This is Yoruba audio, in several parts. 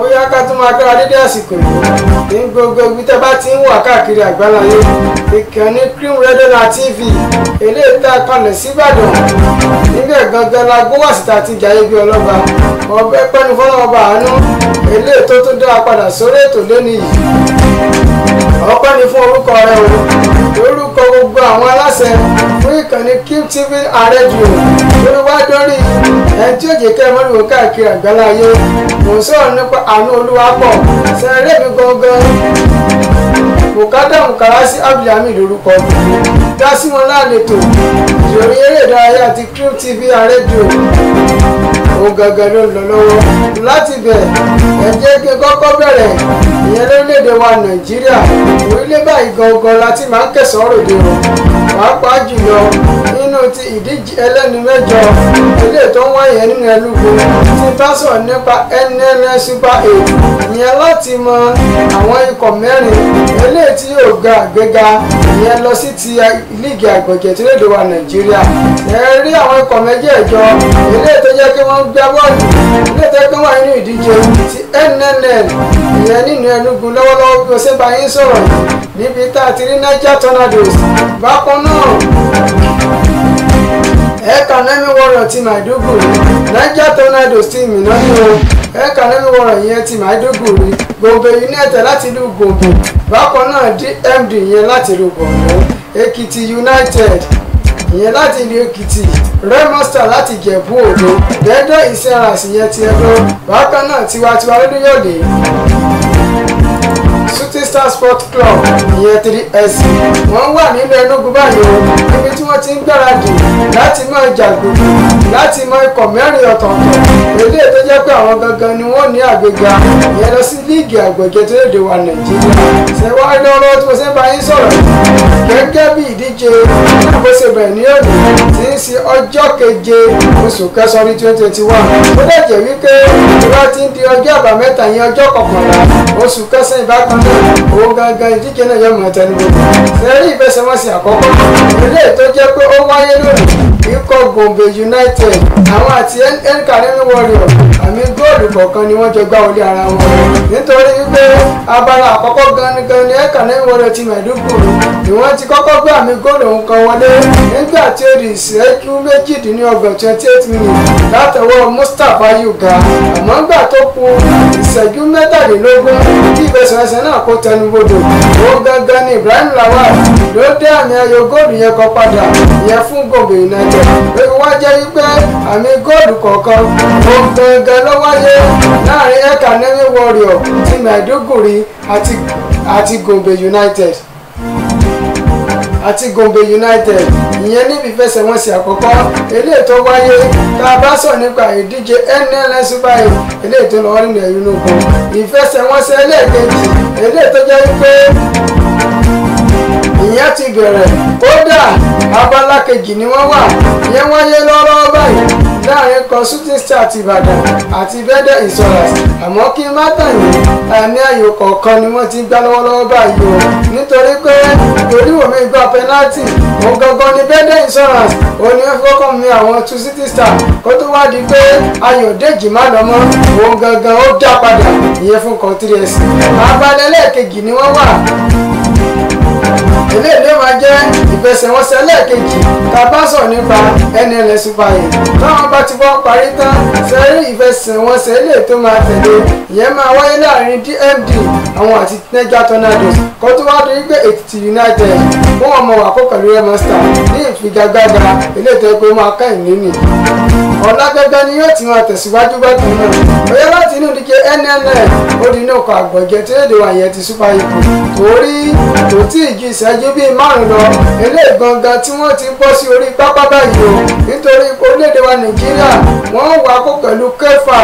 ó yá ká tún máa gbára dédé àsìkò yìí ní gbogbo ibi tẹ́ bá ti ń wà káàkiri àgbáláyé ìkànnì cream redona tv eléyìí tá a kalẹ̀ síbàdàn níbẹ̀ gangan la gbówà síta ti jayé bí ọlọ́ba ọbẹ̀ pẹ́ni fọ́nà ọba àánú eléyìí tó tún dá a padà sórí ètò lónìí yìí ọpẹ́ ni fún orúkọ rẹ o lórúkọ gbogbo àwọn aláṣẹ fún ìkànnì Kim TV àrẹ́jù lórí wá dórí ẹtí òjì kẹmọ́rì wò káàkiri àgbálá ayé mò ń sọ̀rọ̀ nípa àánú olúwa pọ̀ sẹ́rẹ́ mi gangan bùkátà nkàrà sí abdulhamid lórúkọ mi dá sí wọn lálejò ìròyìn eré ìdárayá àti Crew TV àrẹ́jò òun gangan ló ń lọ lọ́wọ́ láti bẹ̀ ẹ jẹ́ kí n kọ́kọ́ bẹ̀rẹ̀ ìyẹn lórílẹ̀‐èdè wa Nàìjíríà orílẹ̀ báyìí gangan láti máa ń kẹsàn án ròde o pàápàá jùlọ nínú ti ìdíje ẹlẹ́ni mẹ́jọ ilé tó ń wáyé nínú ẹlúgbó ti bá sọ̀rọ̀ nípa NLS Super Eight ìyẹn láti mọ àwọn ikọ̀ mẹ́rin eléyìí tí yóò ga àgbéga ìyẹn lọ sí ti líìgì àgbọ̀jẹ̀ tí lédè wa nàìjíríà ẹ rí àwọn ikọ̀ mẹ́jẹ̀ẹ̀jọ ilé tó jẹ́ kí wọ́n gbá bọ́ọ̀lù ilé tó gbé wà nínú ìdíje ti nnl ìyẹn nínú ẹnugu lọ́wọ́lọ́wọ́ bí mo ṣe bá yín sọ̀rọ̀ níbi tá a ti rí niger tornadoes bákan náà economic warrior ti Maiduguri Niger Tornadoes ti Minonio economic warrior yẹn ti Maiduguri Gombe united láti ìlú Gombe bákan náà DMD yẹn láti ìlú Borno Ekiti united ìyẹn láti ìlú Èkìtì Remo Star láti Ìjẹ̀bú Òde gẹ́gẹ́ ìsẹ́ràn àsìyẹn ti Ẹdó bákan náà tiwantiwa lórí yóò dé shooting star sport club ìyẹn three sc wọ́n wà nínú Enugu báyìí o níbi tí wọ́n ti ń gbáradì láti mọ ìjàgbọ̀gbọ̀ láti mọ ikọ̀ mẹ́rin ọ̀tọ̀ọ̀tọ̀ èdè tó jẹ́ pé àwọn gangan ni wọ́n ní àgbéga ìyẹn lọ sí líìgì àgbẹ̀jẹ̀ tó léde wa nàìjíríà ṣe wá lọ́rọ́ tí mo ṣe ń bá yín sọ̀rọ̀ gẹ́gẹ́ bí ìdíje bó ṣe bẹ̀rẹ̀ ní òní tí ń ṣe ọjọ́ keje oṣù kẹsàn-án twenty twenty one ó dẹ̀ jẹ́ wípé ìwà ti ń di ọjọ́ àbámẹ́ta yẹn ọjọ́ kọkànlá oṣù kẹsàn-án ìbátan òun gangan ìdíje náà yọ mọ̀ tẹnu gbogbo sẹ́rí ìfẹsẹ̀wọnsẹ̀ àkọ́kọ́ ilé tó jẹ́ pé ó wáyé lónìí ikọ̀ Gombe United àwọn àti ẹn Karimi Warriors àmì góòlù kọ̀ọ̀kan ni wọ́n jọ gbá wọlé ara wọn nítorí wípé abala àkọ́kọ́ gangan ni ẹn Karimi Warriors ti ni wọ́n ti kọ́kọ́ gbé àmì góòlù ọ̀hún kan wọlé nígbà tí ó di ìṣẹ́jú méjìdínlọ́gbọ̀n twenty eight minutes látọwọ́ Mustapha Yuga àmọ́ tó ìṣẹ́jú mẹ́tàlélógún ìfẹsẹ̀wẹsẹ̀ náà kó ó gangan ni Ibrahim Lawal ló dé àmì ayò góòlù yẹn kọ padà àmì góòlù kọ̀ọ̀kan ohun gangan ló wáyé láàrin ẹ̀ka navy warrior ti maiduguri àti àti gombe united àti gombe united ìyẹn níbi ìfẹsẹ̀wọnsẹ̀ àkọ́kọ́ eléyìí tó wáyé tá a bá sọ nípa ìdíje nls super eight eléyìí tó lọ́wọ́ nínú ẹ̀yìn ológun ìfẹsẹ̀wọnsẹ̀ ẹlẹ́ẹ̀kejì eléyìí tó jẹ́ pé ìyẹn ti bẹ̀rẹ̀ kódà abala kejì ni wọ́n wà ìyẹn wáyé lọ́rọ́ báyìí láàrin consulting star ti ìbàdàn àti bẹ́dẹ̀ insurance àmọ́ kí n má tàyè ẹ̀mí ayò kọ̀ọ̀kan ni wọ́n ti ń gbá lọ́wọ́lọ́wọ́ báyìí o nítorí pé oníwò gba penalty òun gangan ni bẹ́dẹ̀ insurance òun ni wọ́n fi kọ́kọ́ mi àwọn two city star kó tó wá di pé ayò dèjì má lọ́mọ́ òun gangan ó dá padà ìyẹn fún kọ́ńtírẹ́sì àgbàdẹ́lẹ́ẹ̀kejì ni wọ́n wà eléyìí ló máa jẹ́ ìfẹsẹ̀wọnsẹ̀ lẹ́ẹ̀kejì tá a bá sọ nípa NLS Super táwọn bá ti wọ́n parí tán sẹ́rí ìfẹsẹ̀wọnsẹ̀ eléyìí tó máa tẹ̀lé ìyẹn máa wáyé láàrin DMD àwọn àti Niger Tornadoes kó tó wá dé wípé Èkìtì United fún ọmọ wàkó pẹ̀lú Remo ní ìfigagbága eléyìí tó pé máa ká ìlú ọ̀la gẹ́gẹ́ ni yóò ti máa tẹ̀síwájú bákan náà bóyá láti inú díje nnl ó di inú ọkọ̀ àgbọ̀jẹ tí èdè wàyẹ ti super eagles torí kò tí ì ju ìṣẹ́jú bíi márùn lọ eléyìí gangan tí wọ́n ti bọ́ sí orí pápá báyìí o nítorí orílẹ̀-èdè wa nàìjíríà wọ́n wà kó pẹ̀lú kẹfà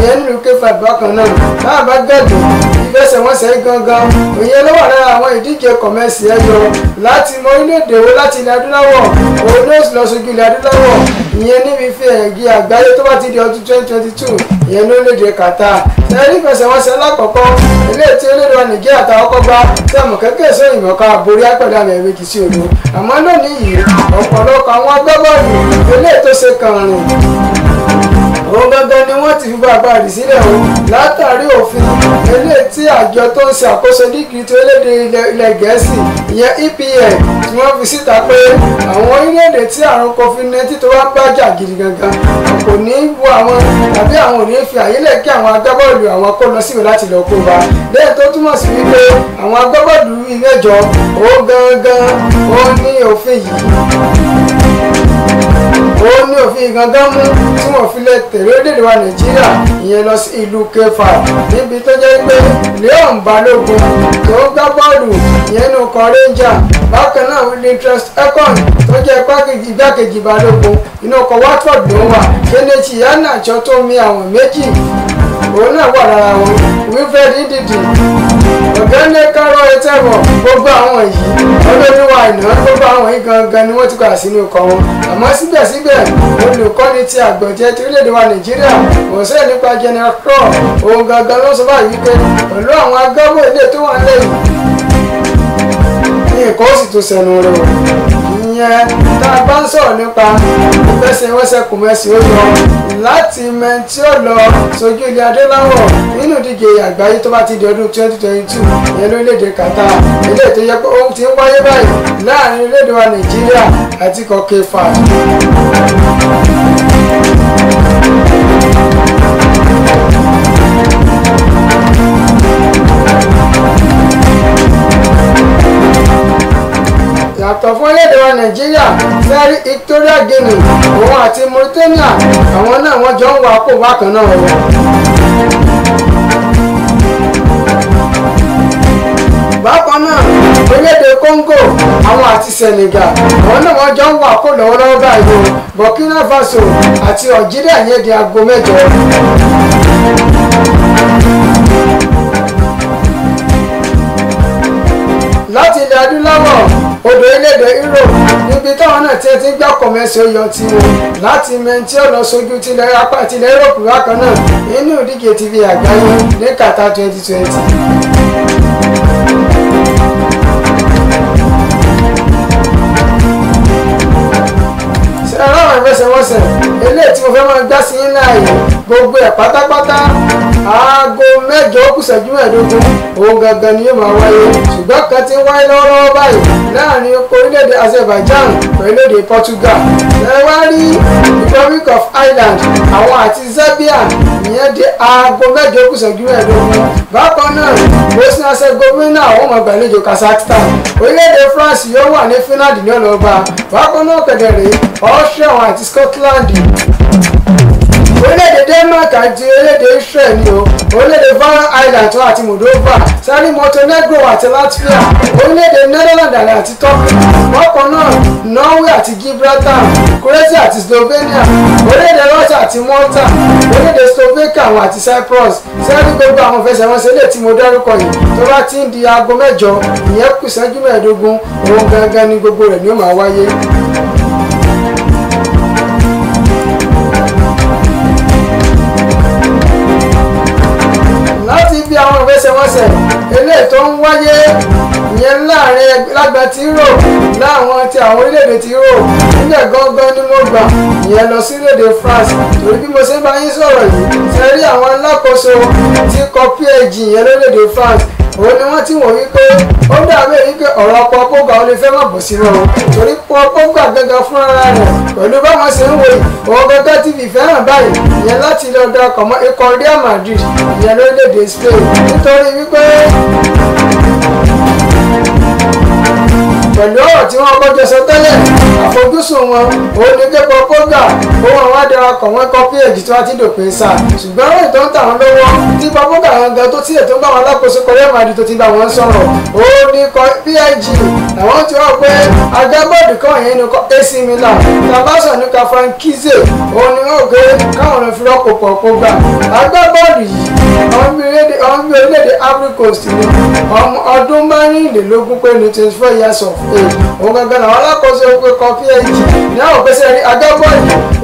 ìyẹn nílùú kẹfà bákan náà náà bá gẹ̀dọ̀ ìfẹsẹ̀wọnsẹ̀ gangan òye ló wà lára àwọn ìdíje kọ̀mẹ́sì ẹ̀yọ láti mọ orílẹ̀-èdè wo láti ilẹ̀ adúláwọ̀ òun ló lọ sójú ilẹ̀ adúláwọ̀ ìyẹn níbi fi ẹ̀ nàìjíríà àgbáyé tó bá ti di ọdún twenty twenty two ìyẹn ló lè dé kàtà ẹni fẹsẹ̀wọnsẹ̀ alákọ̀ọ́kọ́ eléyìí tí olóòdùwà nàìjíríà táwọn kọ́ gbá sẹ́mu kẹ́kẹ́ sí ìmọ̀ká borí àpẹ̀dá mẹ́rin kì í sí òdo àmọ́ lónìí yìí ọ̀pọ̀lọpọ̀ àwọn agbábọ́ọ̀lù eléyìí tó ṣe kàn rìn àwọn gangan ni wọ́n ti fi bàbá rì sílẹ̀ o látàrí òfin eléyìí tí àjọ tó ń ṣàkóso dígírì tó léde ilẹ̀ gẹ̀ẹ́sì ìyẹn EPA tí wọ́n fi síta pé àwọn orílẹ̀-èdè tí àrùn COVID-19 tó wá bájà gidi gangan kò ní wo àwọn tàbí àwọn ò ní fi àyílẹ̀ kí àwọn agbábọ́ọ̀lù àwọn kó lọ síbi láti lọ kó wa lẹ́yìn tó túmọ̀ sí wípé àwọn agbábọ́ọ̀lù ilé ìjọ ó gangan ó ní òfin yìí. ó ní òfin gangan mú tí wọ́n fi lè tẹ̀lé orílẹ̀ wa nàìjíríà ìyẹn lọ sí ìlú kẹfà níbi tó jẹ́ pé leon balógun tó ń gbá bọ́ọ̀lù ìyẹn nù ranger bákan náà wintrust ekong tó jẹ́ igbákejì inú ọkọ̀ watford ló wà tó mi àwọn òun náà wà lára wọn wilfred ndidi ọ̀gẹ́ni kárọ̀ ẹtẹ́bọ̀ gbogbo àwọn yìí olóríwá àìná gbogbo àwọn yìí gangan ni wọ́n ti kà sínú ikọ̀ wọn àmọ́ síbẹ̀síbẹ̀ olùkọ́ni ti àgbọ̀jẹ́ ti orílẹ̀-èdè wa nàìjíríà kò sẹ́ẹ̀ nípa general crow òun gangan ló sọ báyìí wípé pẹ̀lú àwọn agbábọ̀ ilé tó wà lẹ́yìn ní nǹkan ó sẹnu rẹ̀ ìyẹn tá a bá ń sọ̀rọ̀ nípa mẹ́sìn wẹ́sẹ̀ kù mẹ́sìn ó lọ láti mẹ́n ó lọ sójú ilé adéláwọ̀ nínú ìdíje àgbáyé tó bá ti di ọdún twenty twenty lórílẹ̀‐èdè Qatar ilé ètò yẹ pé ohun tí ń wáyé báyìí láàrin orílẹ̀‐èdè wa Nàìjíríà àti kọ̀kẹ́fà. yàtọ̀ fún orílẹ̀-èdè wa nàìjíríà sẹ́rí Equatorial Guinea òun àti Mauritania àwọn náà wọ́n jọ ń wà kó bákan náà wọ̀. bákan náà orílẹ̀-èdè Congo àwọn àti Senegal àwọn náà wọ́n jọ ń wà kó lọ́wọ́lọ́wọ́ báyìí o Burkina Faso àti Algeria yẹn di aago mẹ́jọ. láti ilẹ̀ adúláwọ̀ odò orílẹ̀-èdè Europe níbi táwọn náà ti ti gbọ́ kọ̀mẹ́sì ọyọ ti wọn láti mẹ́ntí ọ̀lọ́ sojú tilẹ̀ apá tilẹ̀ Europe bákan náà nínú ìdíje TV àgbáyé ní kàtà 2020. ẹ̀rọ ìfẹsẹ̀wọnsẹ̀ eléyìí tí mo fẹ́ máa gbá sí yín láàyè gbogbo ẹ̀ pátápátá aago mẹ́jọ kùsẹ̀jú mẹ́ẹ̀ẹ́dógún òun gangan ni yóò máa wáyé ṣùgbọ́n kan ti ń wáyé lọ́wọ́lọ́wọ́ báyìí láàrin orílẹ̀-èdè Azerbaijan pẹ̀lú èdè Portugal ẹ Republic of Ireland àwọn àti Serbia ìyẹn di aago mẹ́jọ kùsẹ̀jú mẹ́ẹ̀ẹ́dógún bákan náà Bosnia Herzegovina àwọn ọmọ ìgbàlejò Kazakhstan orílẹ̀-èdè France yóò wà ní Finland ní ọ̀nà bákan náà kẹ̀dẹ̀ Austria àti Scotland. orílẹ̀-èdè Denmark àti orílẹ̀-èdè Israel ni o orílẹ̀-èdè Faroe Islands àti Moldova sani Montenegro àti Latvia orílẹ̀-èdè Netherlands àti Turkey bákan náà Norway àti Gibraltar Croatia àti Slovenia orílẹ̀-èdè Russia àti Malta orílẹ̀-èdè Slovakia àwọn àti Cyprus sani gbogbo àwọn fẹsẹ̀wọnsẹ̀ lè ti mo dárúkọ yìí tó bá ti ń di aago mẹ́jọ ìyẹn kù ìṣẹ́jú mẹ́ẹ̀ẹ́dógún òun gangan ni gbogbo rẹ̀ ni ó máa wáyé ọ̀sẹ̀ eléyìí tó ń wáyé ìyẹn láàrin lágbà tí rò láwọn ti àwọn orílẹ̀-èdè tí rò níbẹ̀ gangan ni mo gbà ìyẹn lọ sílẹ̀-èdè France torí bí mo ṣe bá yín sọ̀rọ̀ yìí ṣe rí àwọn alákòóso ti kọ phd ìyẹn e lórílẹ̀-èdè France òun ni wọ́n ti wọ̀n wípé ó dàbí ọ̀rọ̀ ó lè fẹ́ má bọ̀ sínú o torí pọ́ pọ́gà gángan fúnra rẹ̀ pẹ̀lú báwọn ṣe ń òun gẹ́gẹ́ fẹ́ràn báyìí ìyẹn láti lọ darapọ̀ mọ́ pẹ̀lú ọ̀rọ̀ tí wọ́n kọjọ sọ tẹ́lẹ̀ àfojúsùn wọn òun ni képo kóga owó àwọn adarapọ̀ wọn kọ péèjì tí wọ́n ti dòpin sá ṣùgbọ́n ó ìtọ́ ń tà wọ́n lọ́wọ́ tí pàpọ́gà wọn gan tó tiẹ̀ tó ń bá wọn alákòóso kọrẹ́ màdì tó ti bá wọn sọ̀rọ̀ òun ni pig làwọn wọ́n pé agbábọ́ọ̀dù kan yẹn ni AC Milan tabaso nípa Frankize òun ni wọ́n gbé káwọn fi ọmọ orílẹ̀-èdè Ivory Coast ni ọmọ ọdún márùnlélógún pé ní twenty four years of age òun gangan làwọn alákòóso òkè kan phd ní àwọn òpèsè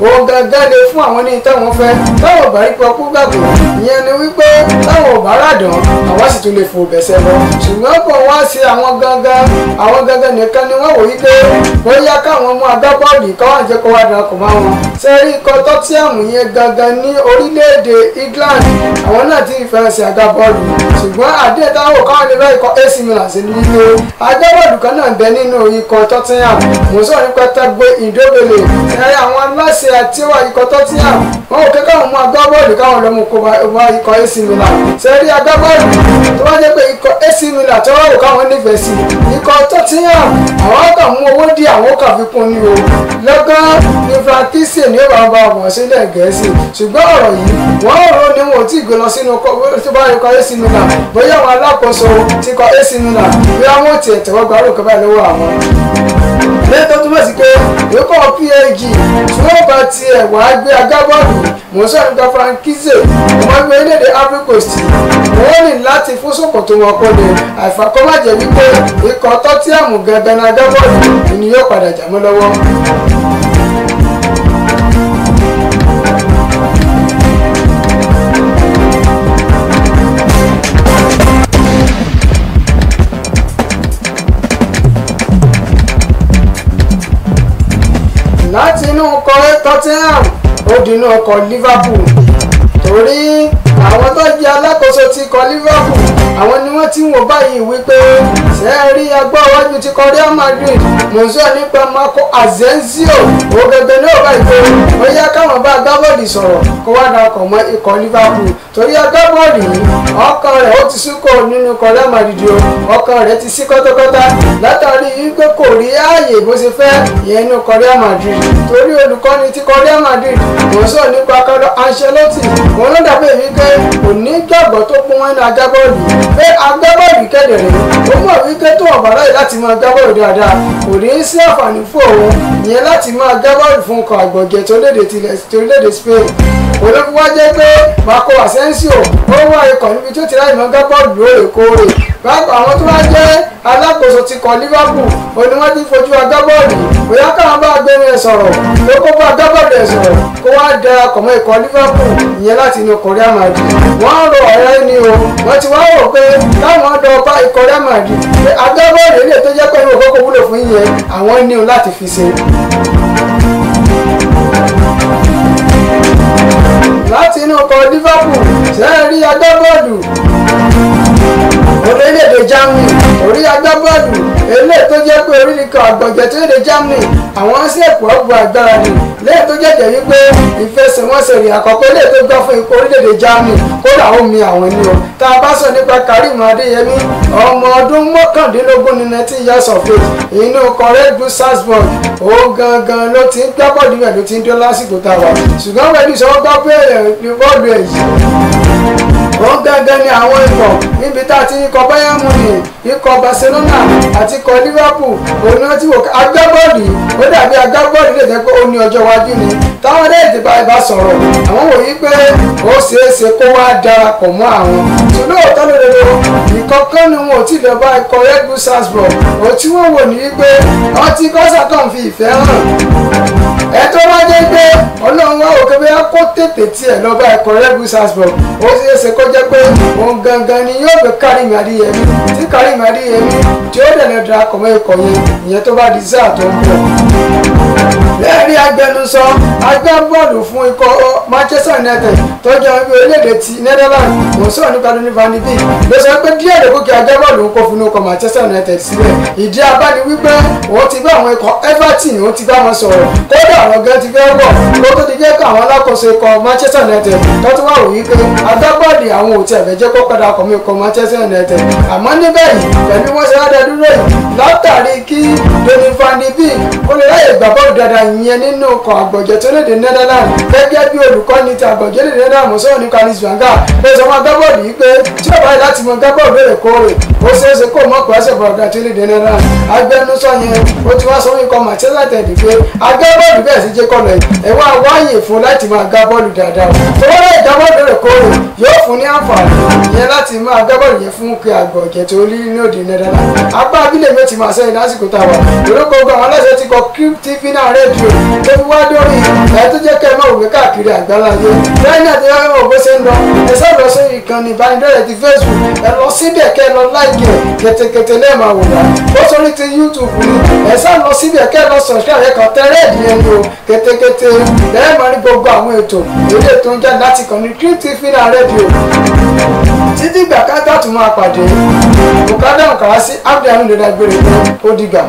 òun gangan lè fún àwọn táwọn fẹ́ táwọn rí pọkú ni wípé táwọn ràdán àwọn sì àwọn gangan bọ́ọ̀lù ṣùgbọ́n àdé táwọn òkà wọn níbẹ̀ ikọ̀ AC Milan sí lílo agbábọ́ọ̀lù kan náà bẹ nínú ikọ̀ Tottenham mọ̀sán nípa tẹ́gbẹ́ ìdóbele ẹ̀rẹ́ àwọn aláṣẹ àti wà ikọ̀ Tottenham wọn ò kéka wọn mú agbábọ́ọ̀lù káwọn lọ mú wa ikọ̀ AC Milan sẹ́rí agbábọ́ọ̀lù tó bá jẹ́ ikọ̀ AC Milan tó wà òkà wọn nífẹ̀ẹ́ sí ikọ̀ Tottenham àwọn frankisẹ ní ọba ọba ọmọ sílẹ̀ gẹ̀ẹ́sì ṣùgbọ́n ọ̀rọ̀ yìí wọ́n rò ní wọn tí ì lọ sínú tó bá yẹ kọ ac milan bóyá àwọn alákòóso ti kọ ac milan bí wọn ò tiẹ̀ tẹ̀wọ́ gbárù kọ́bá lọ́wọ́ àwọn. lẹ́yìn tó túbọ̀ sí pé ìkọ́ pag tí wọ́n bá tiẹ̀ wàá gbé agbábọ́ọ̀lù mọ̀ọ́sọ́ nípa frankisẹ ọmọ ẹgbẹ́ orílẹ̀-èdè Coast wọ́n rìn láti fún ṣòkòtò wọn kó lè àìfàkọ́mọ̀jẹ̀ wípé ikọ̀ tọ́tíàmù gẹ̀gẹ̀ náà agbábọ́ọ̀lù ènìyàn padà jà lọ́wọ́. Tottenham ó dínú ọkọ̀ Liverpool torí àwọn tó jẹ alákòóso ti kọ Liverpool àwọn ni wọ́n ti wò báyìí wípé ṣe é rí agbá iwájú ti kọ Real Madrid mọ̀nsọ́ nípa Marco Asensio ògègbè náà báyìí pé ó yá káwọn bá agbábọ́ọ̀lù sọ̀rọ̀ kó wá darapọ̀ mọ́ ikọ̀ Liverpool torí agbábọ́ọ̀lù yìí ọkàn rẹ̀ ó ti súnkọ̀ nínú ikọ̀ Real Madrid o ọkàn rẹ̀ ti sí kọ́tọ́kọ́tá látàrí wípé kò rí ààyè bó ṣe fẹ́ ìyẹn inú ikọ̀ Real Madrid torí olùkọ́ni ti kọ Real Madrid mọ̀nsọ́ nípa Carlo Ancelotti òun ló dàbí èmi onígbàgbọ́ tó pọ́n wọn ní agbábọ́ọ̀lù pé agbábọ́ọ̀lù kẹ́dẹ̀rẹ́ ó mọ̀ wípé tó ọ̀bà láyé láti máa agbábọ́ọ̀lù dáadáa kò ní í sí àǹfààní fún òun ìyẹn láti máa agbábọ́ọ̀lù fún ọkọ̀ àgbọ̀jẹ̀ torílẹ̀-èdè Spain olókùn wá jẹ́ pé Marco Asensio ó wá ikọ̀ níbi tó ti láì mọ́ agbábọ́ọ̀lù lóòrèkóòrè bákan àwọn tó wá jẹ́ alákòóso ti kọ̀ Liverpool oníwájú fojú agbábọ́ọ̀lù bóyá káwọn bá gbẹrun ẹ sọ̀rọ̀ tó kó bá gbàgbọ́dọ̀ ẹ sọ̀rọ̀ kó wá darapọ̀ mọ́ ikọ̀ Liverpool ìyẹn láti inú ikọ̀ Real Madrid wọ́n rọ ọ̀rẹ́ ni o wọ́n ti wá rò pé táwọn dọ̀ bá ikọ̀ Real pé agbábọ́ọ̀lù ilé tó jẹ́ pẹ̀lú òkókó wúlò fún yẹn àwọn ní o láti fi ṣe. láti inú ikọ̀ Liverpool ṣẹ́ẹ̀rí agbábọ́ọ̀lù orílẹ̀-èdè Germany orí agbábọ́ọ̀lù eléyìí tó jẹ́ pé orílẹ̀-èdè àgbọ̀jẹ̀ tó yẹ Germany àwọn ṣèpọ̀ ọ̀gbọ̀n agbára ni lẹ́yìn tó jẹ́jẹ́ wípé ìfẹsẹ̀wọnsẹ̀ ìrìn àkọ́kọ́ ilé tó gbọ́ fún ipò orílẹ̀-èdè Germany kódà ó mi àwọn ẹni o tá a bá sọ nípa Karim Adeyemi ọmọ ọdún mọ́kàndínlógún ní nineteen years of age inú correct blue Salzburg ó gangan ló ti ń gbá bọ́ọ̀lù rẹ̀ ló ti ń dó lásìkò tá a wà ṣùgbọ́n pẹ̀lú ìṣọwọ́ gbọ́ pé eh, bọ́ọ̀lù ẹ̀ yìí ó gangan ni àwọn ikọ̀ níbi tá a ti ń kọ báyà mú nìyẹn ikọ̀ Barcelona àti ikọ̀ Liverpool òun ni wọ́n ti wò ká agbábọ́ọ̀lù yìí ó dàbí agbábọ́ọ̀lù lè jẹ́ pé ó ní ọjọ́ iwájú ni táwọn dé ìdìbò àìbá sọ̀rọ̀ àwọn wòye pé ó ṣeé ṣe kó wá darapọ̀ mọ́ àwọn tòlóòtọ́ lòdòdò ìkọ̀kan ni wọn ò tí lè bá ikọ̀ Red Bull òtí wọ́n wò ní wípé ọtí kọ́sà kan fi ìfẹ́ hàn ẹ tó wá jẹ́ pé ọlọ́run wá òkè bí wọ́n kó tètè tiẹ̀ lọ́ba ẹ̀kọ́ rẹ́gùn sasbọ̀ ó sì ṣe kó pé òun gangan ni yóò gbé Karim Adéyẹmí tí Karim Adéyẹmí tí ó dẹ̀ lọ́dọ̀ akọ̀mọ́ ikọ̀ yẹn ìyẹn tó bá di sáà tó ń bọ̀. bẹ́ẹ̀ rí agbẹnusọ agbábọ́ọ̀lù fún ikọ̀ Manchester United tó jẹ́ ọgbẹ́ orílẹ̀-èdè ti Netherlands kò sọ̀rọ̀ nípa lóní Van de Beek ló sọ pé díẹ̀ lè kókè agbábọ́ọ̀lù Manchester United sílẹ̀ ìdí abáni wípé òun ti bá àwọn ikọ̀ Everton òun ti bá wọn sọ̀rọ̀ kódà àwọn ti fẹ́ wọ̀ kó tó Manchester United tó tún wà pé agbábọ́ọ̀lù àwọn ìyẹn nínú ọkọ̀ àgbọ̀jẹ̀ tó léde Netherlands gẹ́gẹ́ bí olùkọ́ni ti àgbọ̀jẹ̀ léde Netherlands mọ̀sọ́wọ́ ní Carlos Vanga ó sọ fún agbábọ́ọ̀lù yìí pé tí ó báyìí láti mọ agbábọ́ọ̀lù lóòrè kóòrè ó ṣeé kó mọ̀ pàṣẹ fọ̀gà tó léde Netherlands agbẹnusọ yẹn ó ti wá sọ fún ikọ̀ Manchester United pé agbábọ́ọ̀lù bẹ̀rẹ̀ sí jẹ́ kọlọ̀ ẹ̀ wá wáyè fún láti rédíò tó fi wá dórí ẹ̀ tó jẹ́ kẹ́ ẹ máa wò mí káàkiri àgbáláyé lẹ́yìn náà tó yẹ kó bó ṣe ń lọ ẹ sá lọ sí ìkànnì ìbánidọ́rẹ̀ ti Facebook ẹ lọ síbẹ̀ kẹ́ ẹ lọ láìkì ẹ̀ kẹ̀tẹ̀kẹ̀tẹ̀ lẹ́ẹ̀ máa wò wá ó sórí ti YouTube ni ẹ sá lọ síbẹ̀ kẹ́ ẹ lọ subscribe kan tẹ́rẹ́ ìdíyẹn ni o kẹ̀tẹ̀kẹ̀tẹ̀ lẹ́ẹ̀ máa rí gbogbo àwọn ètò èdè tó ń jáde láti kàn ní QTV rédíò títí gbà ká dàtú máa pàdé bùkádà nkàrà sí abdulhamid dàgbére ó dìgbà.